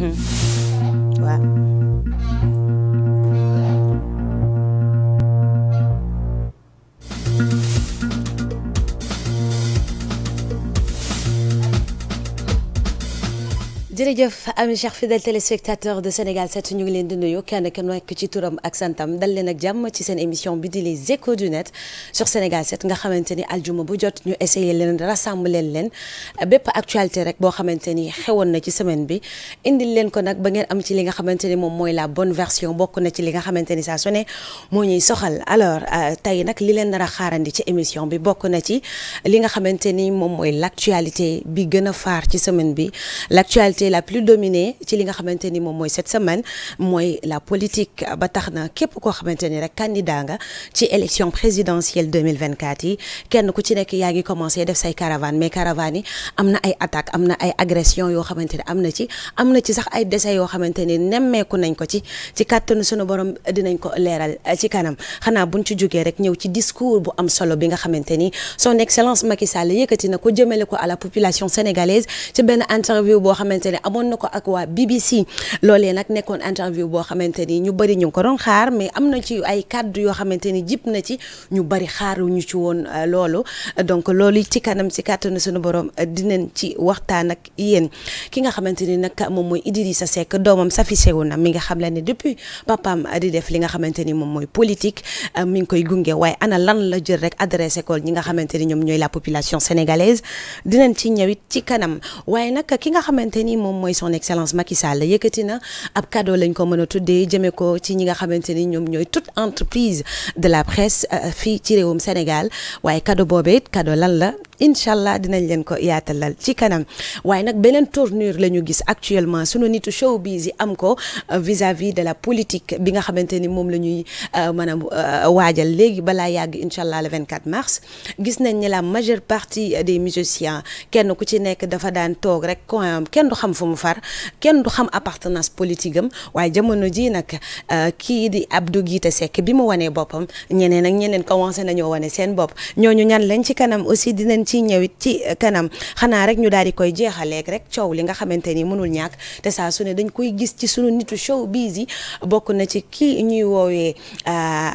Mm-hmm. waaw jërëjëf ami cher fidèle téléspectateur de Sénégal 7 ñu ngi leen di nuyu kenn kenn nekk ci turam ak santam dal leen ak jàmm ci seen émission bi di les échos du net sur Sénégal 7 nga xamante aljuma bu jot ñu essayé leen rassembler leen bépp actualité rek boo xamante ni xewoon na ci semaine bi indi leen ko nag ba ngeen am ci li nga xamante ni moom mooy la bonne version bokk na ci li nga xamante ni saa su ne moo ñuy soxal alors euh, tey nag li leen nar a xaarandi ci émission bi bokk na ci li nga xamante ni moom mooy l' bi gën a faar ci semaine bi plus dominée ci li nga xamante ni moom mooy cette semaine mooy la politique ba tax na képp koo xamante ni rek candidat nga ci élection présidentielle 2024 yi kenn ku ci nekk yaa ngi commencé def say caravane mais caravane yi am na ay attaque am na ay agressions yoo xamante ni am na ci am na ci sax ay décès yoo xamante ni nemmeeku nañ ko ci ci kàttanu sunu borom dinañ ko leeral eh, ci kanam xanaa buñ ci jógee rek ñëw ci discours bu am solo bi nga xamante ni son excellence Macky Sall yëkkati na ko jëmale ko à la population sénégalaise amoon na ko ak waa BBC loolee nag nekkoon interview boo xamante ni ñu bari ñu ngi ko doon xaar mais am na ci ay kàddu yoo xamante ni jip na ci ñu bëri xaaruñu ci woon euh, loolu donc loolu ci kanam si kàttanu suñu borom euh, dinañ ci waxtaan ak yéen ki nga xamante ni nag moom mooy Idrissa Seck doomam Safi Sewuna mi nga xam la ne depuis papaam di def li nga xamante ni moom mooy politique euh, mi ngi koy gunge waaye ana lan la jël rek adressé ko ñi nga xamante ni ñoom ñooy la population sénégalaise dinañ ki nga xamante ni moom mooy son excellence Macky Sall yëkkati na ab cadeau lañ ko mën a tuddee jëmee ko ci ñi nga xamante ni ñoom ñooy toute entreprise de la presse euh, fii ci réewum Sénégal waaye cadeau boobee cadeau lan la incha allah dinañ leen ko yaatal yaatalal ci kanam waaye nag beneen tournure la ñu gis actuellement sunu nitu showbiz yi am ko euh, vis-à-vis de la politique bi nga xamante ni moom la ñuy euh, maanaam waajal léegi balaa yàgg incha allah le 24 mars gis nañ ñi la majeure partie des musiciens kenn ku mu far kenn du xam appartenance politique am waaye jamono ji nag euh, kii di Abdou Guité Seck bi mu wanee boppam ñeneen ak ñeneen commencé nañoo wane seen bopp ñooñu ñan lañ ci kanam aussi dinañ ci ñëwit ci kanam xanaa rek ñu daal di koy jeexaleeg rek coow li nga xamante ni mënul ñàkk te saa su ne dañ koy gis ci sunu nitu showbiz yi bokk na ci kii ñuy woowee euh,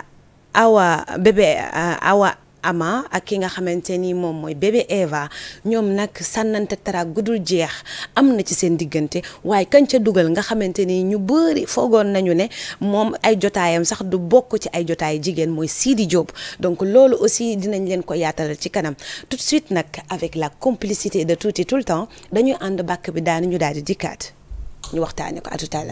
awa bébé euh, awa Ama ak ki nga xamante ni moom mooy bébé Eva ñoom nag sànnante taraak dul jeex am na ci seen diggante waaye kañ ca dugal nga xamante ni ñu bëri foogoon nañu ne moom ay jotaayam sax du bokk ci ay jotaayu jigéen mooy Sidi Diop donc loolu aussi dinañ leen ko yaatalal ci kanam tout de suite nag avec la complicité de Tuuti tout le temps dañuy ànd bàkk bi daani ñu daal di dikkaat ñu waxtaane ko à tout à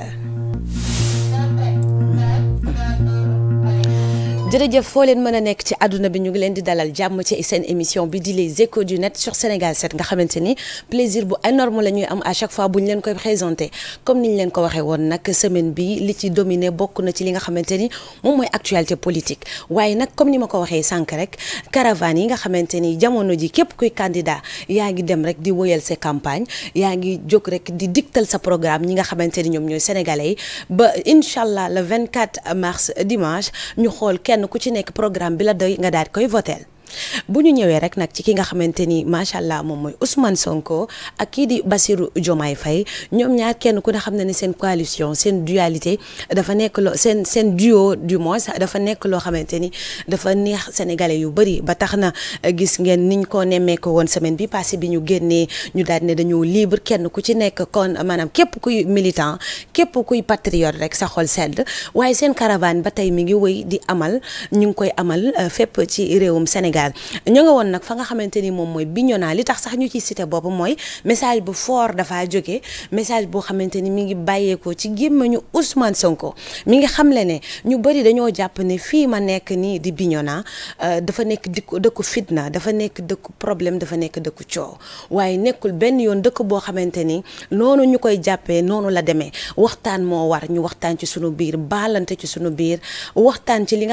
jërëjëf foo leen mën a nekk ci àdduna bi ñu ngi leen di dalal jàmm ci seen émission bi di les échos du net sur Sénégal 7 nga xamante ni plaisir bu énorme la am à chaque fois bu ñu leen koy présenté comme ni ñu leen ko waxee woon nag semaine bi li ci dominé bokk na ci li nga xamante ni moom mooy actualité politique waaye nag comme ni ma ko waxee sànq rek caravane yi nga xamante ni jamono ji képp kuy candidat yaa ngi dem rek di woyal sa campagne yaa ngi jóg rek di diktal sa programme ñi nga xamante ni ñoom ñooy sénégalais ba incha allah le 24 mars dimanche ñu xool kenn kenn ku ci nekk programme bi la doy nga daal koy voteel bu ñu ñëwee rek nag ci ki nga xamante ni macha allah moom mooy Ousmane Sonko ak kii di Bassirou Diomaye fay ñoom ñaar kenn ku ne xam na ne seen coalition seen dualité dafa nekk loo seen seen duo du moins dafa nekk loo xamante ni dafa neex sénégalais yu bëri ba tax na eh, gis ngeen niñ ko nemmee woon semaine bi passé bi ñu génnee ñu daal ne dañoo libre kenn ku ci nekk kon maanaam képp kuy militant képp kuy patriote rek sa xol sedd waaye seen caravane ba tey mi ngi wëy di amal ñu ngi koy amal eh, fépp ci réewum Sénégal ndeysaan ñu nga woon nag fa nga xamante ni moom mooy Bignona li tax sax ñu ciy cité boobu mooy message bu foor dafaa jógee message boo xamante ni mu ngi bàyyeekoo ci gémmañu Ousmane Sonko mi ngi xamle ne ñu bëri dañoo jàpp ne fii ma nekk nii di Bignona euh, dafa nekk dëkku dëkku fitna dafa nekk dëkku problème dafa nekk dëkku coow waaye nekkul benn yoon dëkk boo xamante ni noonu ñu koy jàppee noonu la demee waxtaan moo war ñu waxtaan ci suñu biir baalante ci sunu biir waxtaan ci li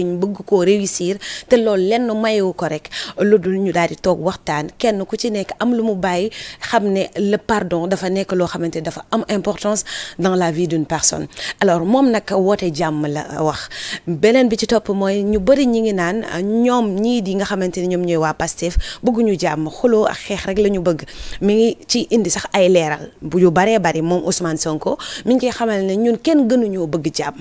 tey ñu bëgg koo réussir te loolu lenn mayewu ko rek lu dul ñu daal di toog waxtaan kenn ku ci nekk am lu mu bàyyi xam ne le pardon dafa nekk loo xamante ne dafa am importance dans la vie d'une personne alors moom nag woote jàmm la wax beneen bi ci topp mooy ñu bëri ñi ngi naan ñoom ñii di nga xamante ne ñoom ñooy waa Pastef bëgguñu jàmm xuloo ak xeex rek la ñu bëgg mi ngi ci indi sax ay leeral bu yu baree bari moom Ousmane Sonko mi ngi koy xamal ne ñun kenn gënuñoo bëgg jàmm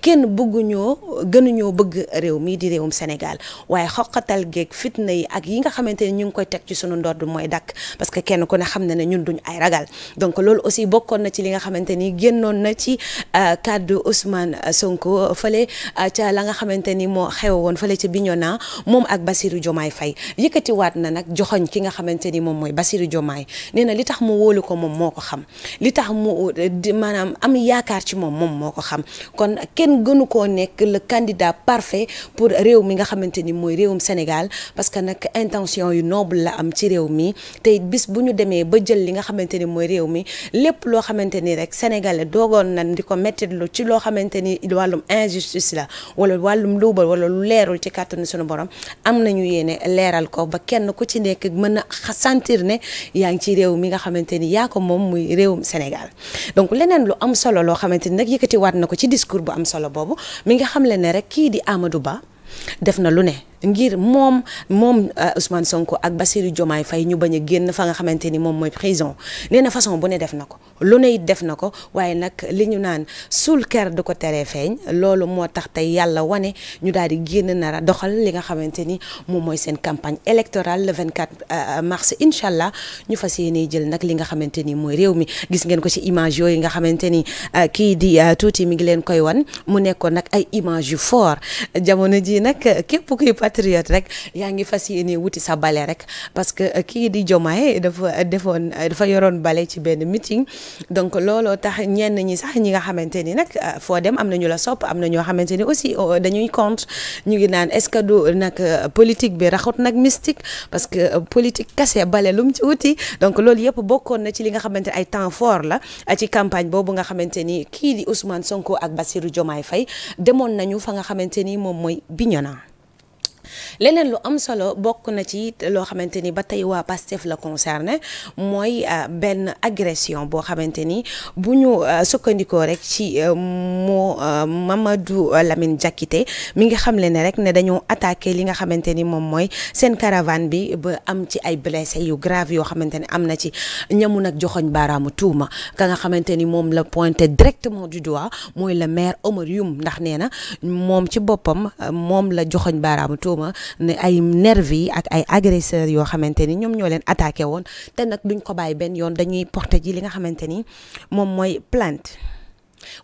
kenn bëgguñoo gënuñoo bëgg réew mii di réewum Sénégal waaye xoqatal geeg fitna yi ak yi nga xamante ne ñu ngi koy teg ci sunu ndodd mooy dakk parce que kenn ku xam na ne ñun duñ ay loolu aussi bokkoon na ci li nga xamante ni génnoon na ci euh, kàddu Ousmane euh, Sonko euh, fële ca la nga xamante ni moo xew woon fële ca Bignona moom ak Bassirou Diomaye Faye yëkkatiwaat na nag joxoñ ki nga xamante ni moom mooy Bassirou Diomaye nee na li tax mu wóolu ko moom moo ko xam li tax mu maanaam am yaakaar ci moom moom xam nekk le candidat parfait parfait pour réew mi nga xamante ni mooy réewum Sénégal parce que nag intention yu noble la am ci réew mi tey it bis bu ñu demee ba jël li nga xamante ni mooy réew mi lépp loo xamante ni rek sénégalais doogoon na di ko mettitlu ci loo xamante ni wàllum injustice la wala wàllum luubal wala lu leerul ci kàttanu sunu borom am nañu yéene leeral ko ba kenn ku ci nekk mën a sentir ne yaa ngi ci réew mi nga xamante ni yaa ko moom muy réewum Sénégal donc leneen lu am solo loo xamante ni nag yëkkati waat na ko ci discours am solo boobu Amadou Ba def na lu ne ngir moom moom euh, Ousmane Sonko ak Bassirou jomaay fay ñu bañ a génn fa nga xamante ni moom mooy prison nee na façon bu ne def na ko lu ne it def na ko waaye nag li ñu naan suul ker du ko teree feeñ loolu moo tax tey yàlla wane ñu daal di génn nara doxal li nga xamante ni moom mooy seen campagne électorale le 24 euh, mars incha allah ñu fas yéene jël nag li nga xamante ni mooy réew mi gis ngeen ko ci image yooyu nga xamante ni euh, kii di tuuti mi ngi leen koy wan mu nekkoon nag ay image yu fort jamono ji nag képp kuy pat patriote rek yaa ngi fas ni wuti sa bale rek parce que euh, kii di Diomaye dafa defoon euh, dafa yoroon bale ci benn meeting donc looloo tax ñenn ñi sax ñi nga xamante ni nag euh, foo dem am na ñu la sopp am na ñoo xamante ni aussi dañuy compte ñu ngi naan est-ce que du nag politique bi raxut nag mystique parce que politique kase bale lu ci wuti donc loolu yëpp bokkoon na ci li nga xamante ni ay temps fort la ci campagne boobu nga xamante ni kii di Ousmane Sonko ak Bassirou Diomaye Faye demoon nañu fa nga xamante ni moom mooy Bignona leneen lu am solo bokk na ci loo xamante ni ba tey waa Pastef la concerné mooy euh, benn agression boo xamante ni bu ñu euh, sukkandikoo rek ci euh, moo Mamadou Lamine Diakité mi ngi xamle ne rek ne dañoo attaqué li nga xamante ni moom mooy seen caravane bi ba am ci ay blessé yu grave yoo xamante ni am na ci ñamu nag joxoñ baaraamu tuuma ka nga xamante ni moom la pointé directement du doigt mooy la maire Omar ndax nee na moom ci boppam moom la joxoñ baaraamu tuuma ne ay nervi ak ay agresseurs yoo xamante ni ñoom ñoo leen attaqué woon te nag duñ ko bàyyi benn yoon dañuy porté ji li nga xamante ni moom mooy plainte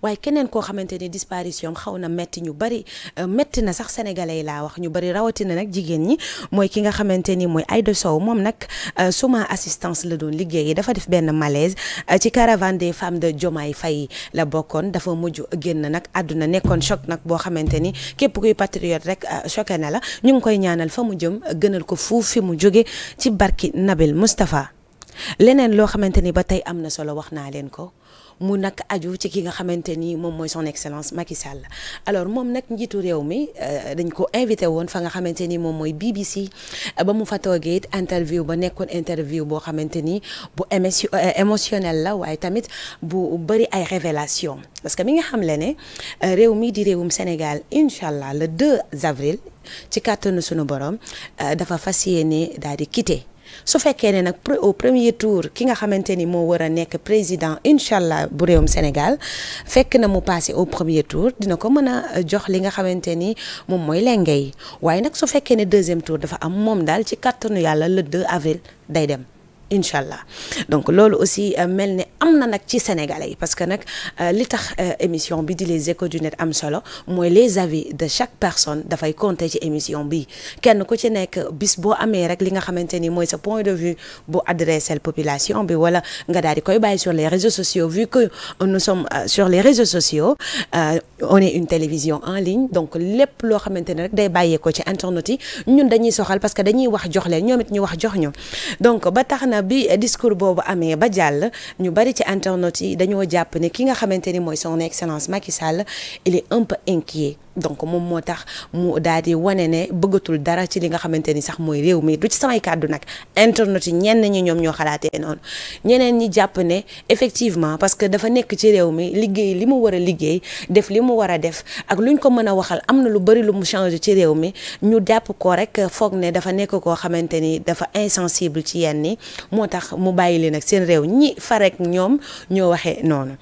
waaye keneen koo xamante ni disparition xaw na metti ñu bari euh, metti na sax yi laa wax ñu bari rawatina nag jigéen ñi mooy ki nga xamante ni mooy Aïda Sow moom nag euh, suma assistance la doon liggéeyee dafa def benn malaise euh, ci caravane des femme de Diomaye Faye la bokkoon dafa mujj génn nag àdduna nekkoon choc nag boo xamante ni képp kuy patriote rek choqué na la ñu ngi koy ñaanal fa mu jëm gënal ko fuuf fi mu jóge ci barki Nabil Moustapha leneen loo xamante ni ba tey am na solo wax naa leen ko mu nag aju ci ki nga xamante ni moom mooy son excellence Macky Sall alors moom nag réew mi euh, dañ ko invité woon fa nga xamante ni moom mooy BBC ba mu fa toogee it interview ba nekkoon interview boo xamante ni bu euh, émotionnel la waaye tamit bu bëri ay révélation parce que mi nga xam le ne euh, réew mi di réewum Sénégal incha allah le 2 avril ci kàttanu sunu borom dafa fas yéene daal di quitter su fekkee ne nag au premier tour ki nga xamante ni moo war a nekk président incha allah bu réewum Sénégal fekk na mu passé au premier tour dina ko mën a euh, jox li nga xamante ni moom mooy lenge yi waaye nag su fekkee ne deuxième tour dafa am moom daal ci kattanu yàlla le 2 avril day dem. incha allah donc loolu aussi euh, mel ne am na nag ci sénégalais yi parce que nag euh, li tax euh, émission bi di les échos du am solo mooy les avis de chaque personne dafay compter ci émission bi kenn ku ci nekk bis boo amee rek li nga xamante ni mooy sa point de vue bu adressé population bi wala nga daal di koy bàyyi sur les réseaux sociaux vu que nous sommes sur les réseaux sociaux on est une télévision en ligne donc lépp loo xamante ne rek day bàyyee ko ci internet yi ñun dañuy soxal parce que dañuy wax jox ñoom it ñu wax jox ñu bi discours boobu amee ba jàll ñu bari ci internautes yi dañoo jàpp ne ki nga xamante ni mooy son excellence Macky Sall il est un inquiet donc moom moo tax mu daal di wane ne bëggatul dara ci li nga xamante ni sax mooy réew mi du ci samay kàddu nag internet yi ñenn ñi ñoom ñoo xalaatee noonu ñeneen ñi jàpp ne effectivement parce que dafa nekk ci réew mi liggéey li mu war a liggéey def li mu war a def ak lu luñ ko mën a waxal am na lu bari lu mu changé ci réew mi ñu jàpp ko rek foog ne dafa nekk koo xamante ni dafa insensible ci yenn yi moo tax mu bàyyi leen ak seen réew ñi fa rek ñoom ñoo waxee noonu.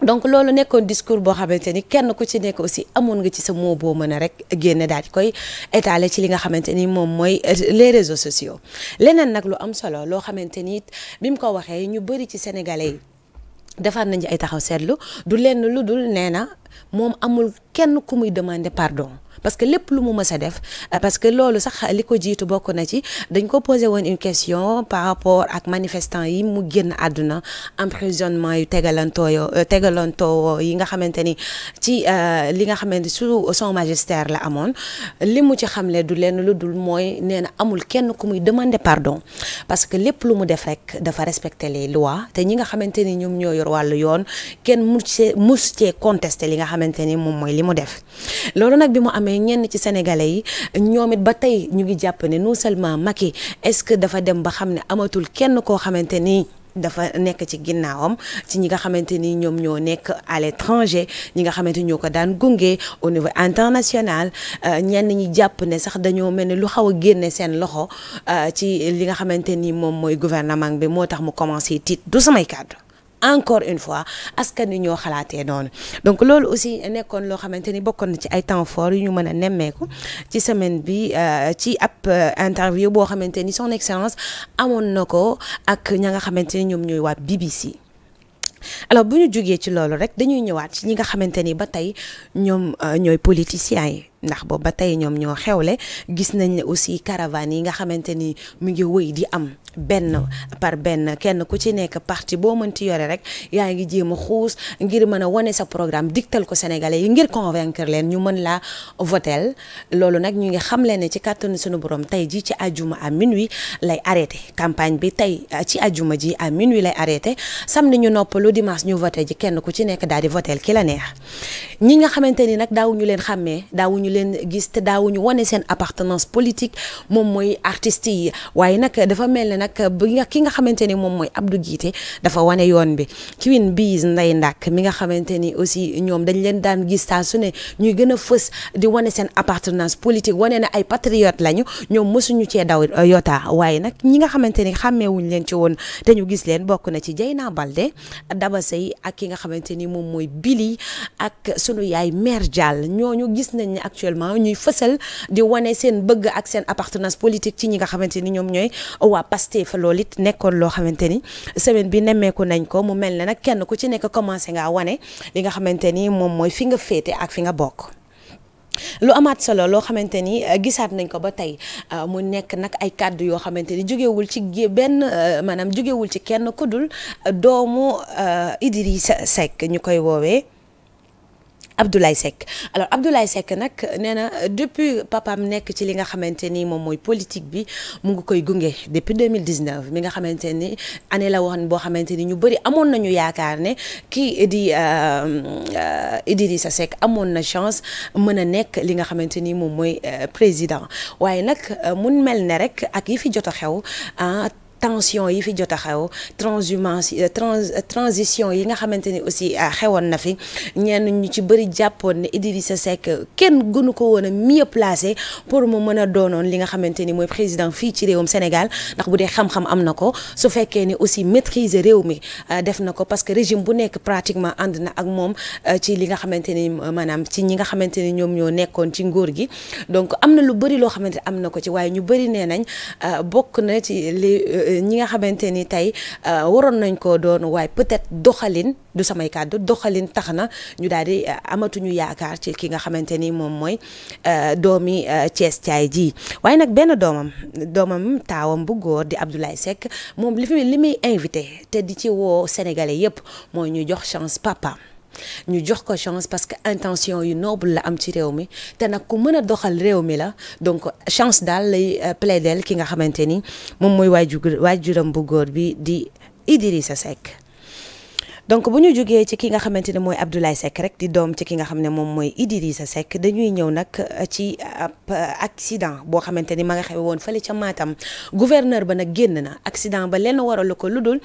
donc loolu nekkoon discours boo xamante ni kenn ku ci nekk aussi amoon nga ci sa mot boo mën a rek génne daal di koy étaler ci li nga xamante ni moom mooy euh, les réseaux sociaux leneen nag lu am solo loo xamante ni bi mu ko waxee ñu bëri ci sénégalais yi defar nañu ay taxaw seetlu du lenn lu dul nee na moom amul kenn ku muy demander pardon. parce que lépp lu mu mës def euh, parce que loolu sax li ko jiitu bokk na ci dañ ko posé woon une question par rapport ak manifestant yi mu génn àdduna emprisonnement yu tegalantoo yo euh, yi nga xamante ni ci euh, li nga xamante su son la amoon li mu ci xamle du lenn lu dul mooy nee amul kenn ku muy demander parce que lépp lu mu def rek dafa respecter les lois te ñi nga xamante ni ñoom ñoo yor wàllu yoon kenn mu cee mus cee contester li nga xamante ni moom mooy li mu def loolu nag bi mu amee mais ñenn ci sénégalais yi ñoom it ba tey ñu ngi jàpp ne non seulement Macky est-ce que dafa dem ba xam ne amatul kenn koo xamante ni. dafa nekk ci ginnaawam ci ñi nga xamante ni ñoom ñoo nekk à l'étranger ñi nga xamante ñoo ko daan gunge au niveau international euh, ñenn ñi jàpp ne sax dañoo mel ni lu xaw a génne seen loxo euh, ci li nga xamante nii moom mooy gouvernement bi moo tax mu commencé tiit du samay kàddu. encore une fois askan wi ñoo xalaatee noonu donc loolu aussi nekkoon loo xamante ni bokkoon na ci ay temps fort yu ñu mën a nemmeeku ci semaine bi euh, ci ab euh, interview boo xamante ni son excellence amoon na ko ak ña nga xamante ni ñoom ñooy waa BBC. alors bu ñu jógee ci loolu rek dañuy ñëwaat ci ñi nga xamante ni ba tey ñoom euh, ñooy politiciens yi ndax boobu ba tey ñoom ñoo xewle gis nañ ne aussi caravane yi nga xamante ni mu ngi wëy di am. benn par benn kenn ku ci nekk parti boo mënti yore rek yaa ngi jéem a xuus ngir mën a wone sa programme diktal ko sénégalais yi ngir convaincre leen ñu mën laa votel loolu nag ñu ngi xam leen ne ci kàttanu suñu borom tey ji ci àjjuma à minuit lay arrêté campagne bi tey euh, ci ajuma ji à minuit lay arrêté samedi ñu noppalu dimanche ñu vote ji kenn ku ci nekk daal di votel ki la neex ñi nga xamante ni nag daawuñu leen xàmmee daawuñu leen gis te daawuñu wone seen appartenance politique moom mooy artistes yi waaye nag dafa mel nag bi nga ki nga xamante ni moom mooy Abdou Guité dafa wane yoon bi Queen Biz Ndeye Ndack mi nga xamante ni aussi ñoom dañ leen daan gis saa su ne ñuy gën a fës di wane seen appartenance politique wane na ay patriote lañu ñoom mësuñu cee daw euh, yotaa waaye nag ñi nga xamante ni xàmmeewuñ leen ci woon te ñu gis leen bokk na ci Dieyna Baldé Daba Seye ak ki nga xamante ni moom mooy Billy ak sunu yaay mère Diall ñooñu gis nañ ne actuellement ñuy fësal di wane seen bëgg ak seen appartenance politique ci ñi nga xamante ni ñoom ñooy waa Pastef loolu it nekkoon loo xamante ni semaine bi nemmeeku nañ ko mu mel ne nag kenn ku ci nekk commencé ngaa wane li nga xamante ni moom mooy fi nga féete ak fi nga bokk. lu amaat solo loo xamante ni euh, gisaat nañ ko ba tey euh, mu nekk nag ay kàddu yoo xamante ni jógewul ci benn euh, maanaam jógewul ci kenn ku dul doomu Idrissa Seck ñu koy woowee. Abdoulaye Seck alors Abdoulaye Seck nag nee na depuis papaam nekk ci li nga xamante ni moom mooy politique bi mu ngi koy gunge depuis 2019 mi nga xamante ni année la woon boo xamante ni ñu bëri amoon nañu yaakaar ne kii di euh, euh, sa Seck amoon na chance mën a nekk li nga xamante ni moom mooy euh, président waaye nag mun mel ne rek ak yi fi jot a xew ah, tension yi fi jot a xew transhumance euh, euh, transition yi nga xamante ni aussi euh, xewoon na fi ñenn ñu ci bëri jàppoon ne Idrissa Seck kenn gunu ko woon a mieux placé pour mu mën a doonoon li nga xamante ni mooy président fii ci réewum Sénégal ndax bu dee xam-xam am na ko su fekkee ni aussi maîtriser réew mi def na ko parce que régime bu nekk pratiquement ànd na ak moom ci li nga xamante ni maanaam ci ñi nga xamante ni ñoom ñoo nekkoon ci nguur gi donc am na lu bëri loo xamante ni am na ko ci waaye ñu bëri nee nañ ñi nga xamante ni tey euh, waroon nañ koo doon waaye peut-être doxalin du samay kàddu doxalin tax na ñu daal di euh, amatuñu yaakaar ci ki nga xamante ni moom mooy euh, doomi Thiès Thiaye ji waaye nag benn doomam doomam taawam bu góor di Abdoulaye Seck moom li fi li muy invité te di ci woo sénégalais yëpp mooy ñu jox chance papa ñu jox ko chance parce que intention yu noobul la am ci réew mi te nag ku mën a doxal réew mi la donc chance daal lay euh, dell ki nga xamante ni moom mooy waajur waajuram bu góor bi di Idrissa Seck donc bu ñu jógee ci ki nga xamante ne mooy Abdoulaye Seck rek di doom ci ki nga xam ne moom mooy Idrissa Seck dañuy ñëw nag euh, ci euh, ab accident boo xamante ni ma nga xew woon fële ca maatam gouverneur ba nag génn na accident ba lenn waral ko lu dul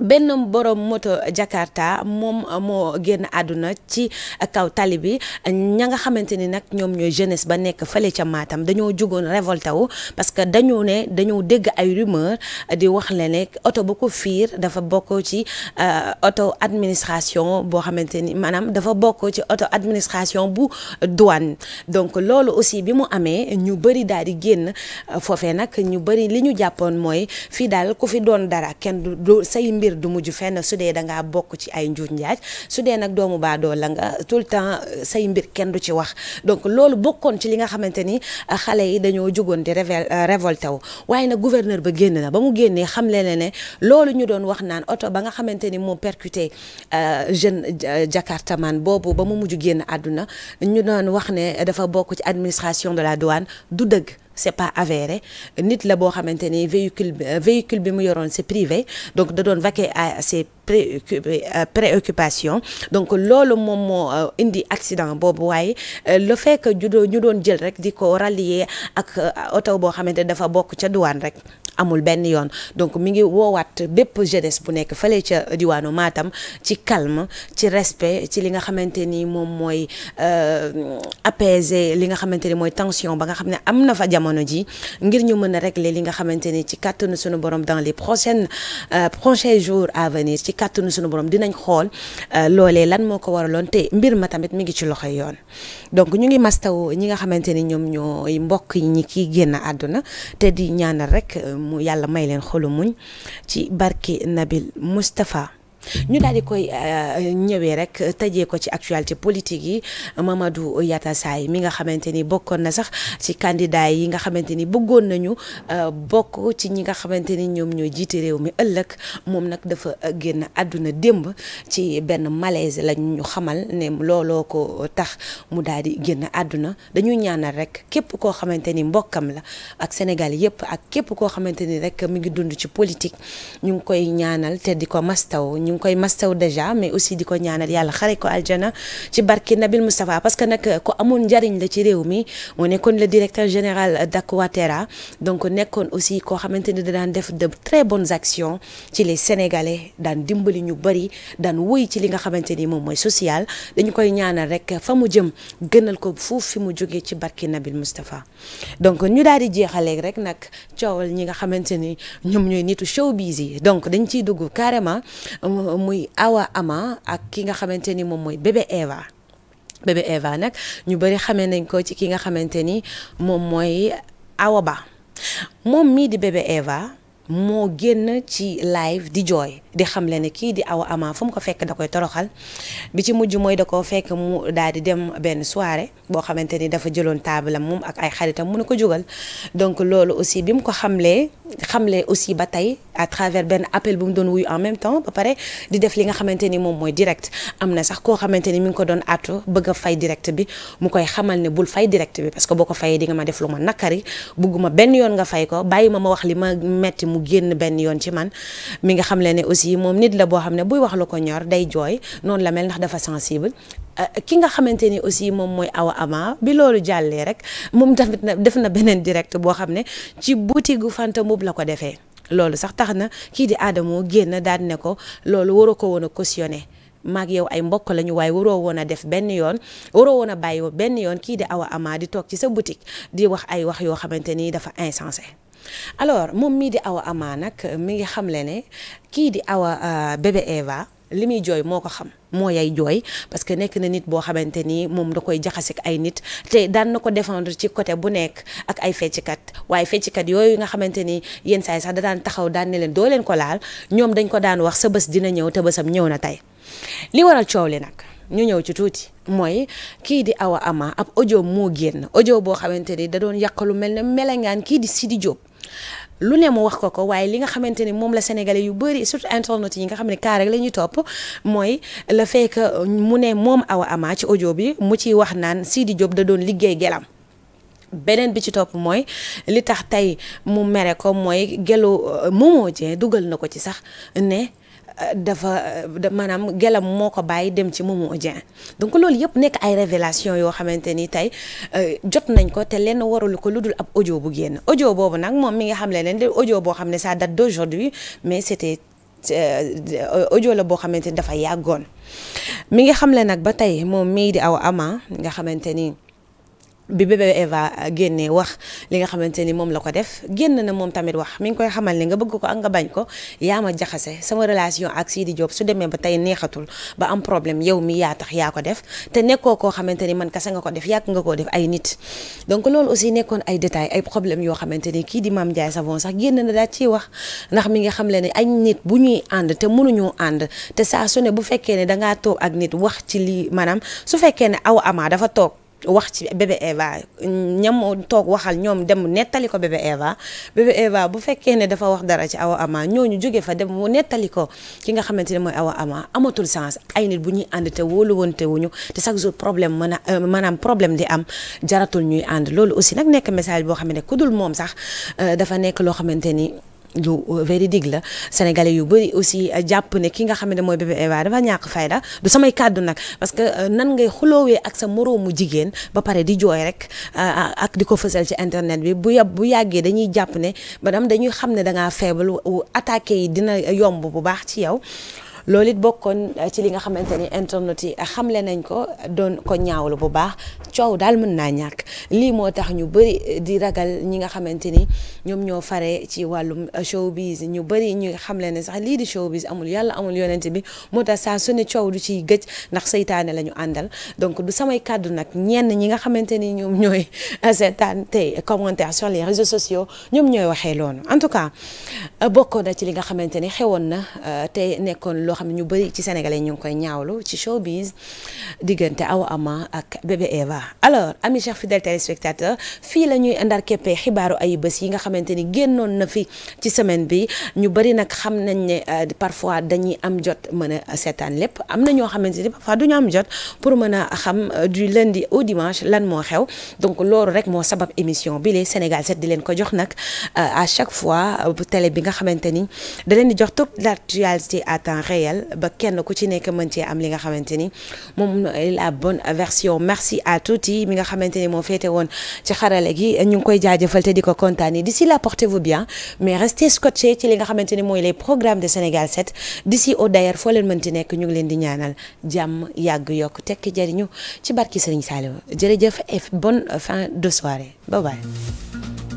benn borom moto Jakarta moom moo génn àdduna ci kaw tali bi ña nga xamante ni nag ñoom ñooy jeunesse ba nekk fële ca Matam dañoo jugoon révolté wu parce que dañoo ne dañoo dégg ay rumeur di wax le ne oto bu ko fiir dafa bokkoo ci oto euh, administration boo xamante ni maanaam dafa bokkoo ci oto administration bu douane donc loolu aussi bi mu amee ñu bëri daal di génn euh, foofe nag ñu bëri li ñu jàppoon mooy fii daal ku fi doon dara kenn du say mbir du mujj fenn su dee da ngaa bokk ci ay njuut njaaj su dee nag doomu baadoo la nga tout le temps euh, say mbir kenn du ci wax donc loolu bokkoon ci li nga xamante ni euh, xale yi dañoo jugoon di euh, révolter wu waaye nag gouverneur ba génn na ba mu génnee xam leen ne loolu ñu doon wax naan oto ba nga xamante ni moo percuté jeune jakartaman boobu ba mu mujj génn àdduna ñu doon wax ne dafa bokk ci administration de la douane du dëgg c'est pas avéré nit la boo xamante ni véhicule euh, véhicule bi mu yoroon c'est privé donc da doon vaquer à ses euh, occupation donc loolu moom moo euh, indi accident boobu waaye le fait que ñu doon jël rek di ko rallier ak oto boo xamante dafa bokk ca douane rek amul benn yoon donc mu ngi woowaat bépp jeunesse bu nekk fale ca diwaanu maatam ci calme ci respect ci li nga xamante ni moom mooy euh, apaiser li nga xamante ni mooy tension ba nga xam ne am na fa jamono ji ngir ñu mën a li nga xamante ni ci kàttanu sunu borom dans les prochaines euh, prochains jours à venir ci kàttanu sunu borom dinañ xool euh, loolee lan moo ko waraloon te mbir ma tamit mi ngi ci loxo yoon donc ñu ngi mastaw ñi nga xamante ni ñoom ñooy mbokk yi ñi kiy génn àdduna te di ñaanal rek. mu yàlla may leen xolu muñ ci barke Nabil Moustapha ñu daal di koy euh, ñëwee rek tëjee ko ci actualité politique yi Mamadou Yatassaye mi nga xamante ni bokkoon na sax ci kandidaa yi nga xamante ni bëggoon nañu euh, bokk ci ñi nga xamante ni ñoom ñoo jiite réew mi ëllëg moom nag dafa euh, génn àdduna démb ci benn malaise la ñu xamal ne looloo ko tax mu daal di génn àdduna dañuy ñaanal rek képp koo xamante ni mbokkam la ak Sénégal yépp ak képp koo xamante ni rek mu ngi dund ci politique ñu ngi koy ñaanal te di ko mastaw ñu ngi koy mastaw dèjà mais aussi di ko ñaanal yàlla xare ko aljana ci barki Nabil Moustapha parce que nag ko amoon njariñ la ci réew mi moo nekkoon le directeur général d'Aquaterra donc nekkoon aussi koo xamante ni daan def de très bonnes actions ci les sénégalais daan dimbali ñu bëri daan wuy ci li nga xamante ni moom mooy social dañu koy ñaanal rek fa mu jëm gënal ko foofu fi mu jogee ci barki Nabil Moustapha donc ñu daal di jeexaleeg rek nag coowal ñi nga xamante ni ñoom ñooy nitu showbiz yi muy Awa Ama ak ki nga xamante ni moom mooy bébé Eva bébé Eva nag ñu bëri xamee nañ ko ci ki nga xamante ni moom mooy Awa Ba moom mii di bébé Eva. moo génn ci live di jooy di xamle ne kii di aw Ama fu mu ko fekk da koy toroxal bi ci mujj mooy da koo fekk mu daal di dem benn soirée boo xamante ni dafa jëloon taabalam moom ak ay xaritam mu ne ko jógal donc loolu aussi bi mu ko xamlee xamlee aussi ba tey à travers benn appel bu mu doon wuyu en même temps ba li nga xamante ni moom mooy direct am na sax koo xamante ni mi ngi ko doon àttu bëgg fay direct bi mu koy xamal ne bul fay direct bi parce que boo ko fayee di nga ma def lu ma nakari bugguma benn yoon nga fay ko bàyyi ma ma wax li ma metti mu génn benn yoon ci man mi nga xam le ne aussi moom nit la boo xam ne buy wax la ko ñor day jooy noonu la mel ndax dafa sensible euh, ki nga xamante ni aussi moom mooy Awa Ama bi loolu jàllee rek moom tamit def na beneen direct boo xam ne ci boutique gu Fanta Mbuub la ko defee loolu sax tax na kii di Adamo génn daal ne ko loolu waroo ko woon a cautionné maag yow ay mbokk lañu waaye waroo woon a def benn yoon waroo woon a bàyyi benn yoon kii di Awa Ama di toog ci sa boutique di wax ay wax yoo xamante ni dafa insensé. alors moom mii di Awa Ama nag euh, mi ngi xamle ne kii di Awa euh, bébé Eva li muy jooy moo ko xam mooy ay jooy parce que nekk na nit boo xamante ni moom da koy jaxasik ay nit te daan na ko defendre ci côté bu nekk ak ay feccikat waaye feccikat yooyu nga xamante ni yenn saa yi sax da daan taxaw daan ne leen doo leen ko laal ñoom dañ ko daan wax sa bés dina ñëw te bësam ñëw na tey li waral coow li nag ñu ñëw ci tuuti. mooy kii di Awa Ama ab audio moo génn audio boo xamante ni da doon yàq lu mel ne melengaan kii di Sidi Diop lu ne mu wax ko ko waaye li nga xamante ne moom la sénégalais yu bëri surtout internautes yi nga xam ne kaar rek la ñuy topp mooy la fait que mu ne moom Awa amaa ci audio bi mu ciy wax naan sii di Diop da doon liggéey gelam beneen bi ci topp mooy li tax tey mu mere ko mooy gelu euh, Momo Dieng dugal na ko ci sax ne dafa maanaam gelam moo ko bàyyi dem ci moom Dieng donc loolu yëpp nekk ay révélation yoo xamante ni tey euh, jot nañ ko te lenn warul ko lu dul ab audio bu génn audio boobu nag moom mi nga xam ne leen de audio boo xam ne ça date d'aujourd'hui mais c'était euh, audio la boo xamante ni dafa yàggoon mi nga xam ne nag ba tey moom mii di aw ama nga xamante ni bi bébé Eva génnee wax li nga xamante ni moom la ko def génn na moom tamit wax mi ngi koy xamal ne nga bëgg ko ak nga bañ ko yaa ma jaxase sama relation ak sii di Diop su demee ba tey neexatul ba am problème yow mi yaa tax yaa ko def te nekkoo koo xamante ni man kese nga ko def yàgg nga koo def ay nit donc loolu aussi nekkoon ay détails ay problèmes yoo xamante ni kii di Mame Ndiaye Savon sax génn na daal ciy wax ndax mi nga xam le ne ay nit bu ñuy ànd te mënuñoo ànd te saa su ne bu fekkee ne dangaa toog ak nit wax ci lii maanaam su fekkee ne aw amaa dafa toog wax ci bébé Eva ñam toog waxal ñoom dem nettali ko bébé Eva bébé Eva bu fekkee ne dafa wax dara ci Awa Ama ñu jóge fa dem mu nettali ko ki nga xamante ne mooy Awa Ama amatul sens ay nit bu ñuy ànd te wante wonte wuñu te chaque jour problème mën a euh, maanaam problème di am jaratul ñuy ànd loolu aussi nag nekk message boo xam ne ku dul moom sax euh, dafa nekk loo xamante ni lu véridique la sénégalais yu bëri aussi euh, jàpp ne ki nga xam ne mooy bébé Eva dafa ñàkk fayda du samay kàddu nag parce que euh, nan ngay xuloowee ak sa moroomu jigéen ba pare di jooy rek euh, ak di ko fësal ci internet bi bu yab bu yàggee dañuy jàpp ne maanaam dañuy xam ne da ngaa attaque attaqué yi dina yomb bu baax ci yow loolu it bokkoon eh, ci li nga xamante ni internet yi eh, xamle nañ ko doon ko ñaawlu bu baax coow daal mën naa ñàkk lii moo tax ñu bëri eh, di ragal ñi nga xamante ni ñoom ñoo fare ci wàllum showbiz ñu bëri ñu xamle ne sax lii di showbiz amul yàlla amul yonent bi moo tax saa su ne coow du gëj ndax seytaane la ñu àndal donc du samay kàddu nag ñenn ñi nga xamante ni ñoom ñooy seetaan tey commentaire sur les réseaux sociaux ñoom ñooy waxee loolu en tout cas bokkoon na ci li nga xamante na tey nekkoon xam ne ñu bëri ci sénégalais ñu ngi koy ñaawlu ci showbiz diggante Awa Ama ak bébé Eva alors amis chers fidèles téléspectateurs fii la ñuy ndar keppee xibaaru ay bés yi nga xamante ni génnoon na fi ci semaine bi ñu bëri nag xam nañ ne euh, parfois dañuy am jot mën a lépp am na ñoo xamante ni parfois du ñu am jot pour mën a xam euh, du lundi au dimanche lan moo xew donc loolu rek moo sabab émission bi les Sénégal 7 di leen ko jox nag euh, à chaque fois télé bi nga xamante ni da di jox toute l'actualité à temps réel ba kenn ku ci nekk mën cee am li nga xamante ni moom la bonne version merci à tuuti mi nga xamante ni moo féete woon ci xarale gi ñu ngi koy jaajëfal te di ko kontaanee d'ici là portez-vous bien mais restez scotché ci li nga xamante ni mooy les programmes de Sénégal di si au d'ailleurs foo leen mën ti nekk ñu ngi leen di ñaanal jàmm yàgg yokk tekki jariñu ci barki Serigne Saliou jërëjëf et bonne fin de soirée bye bye.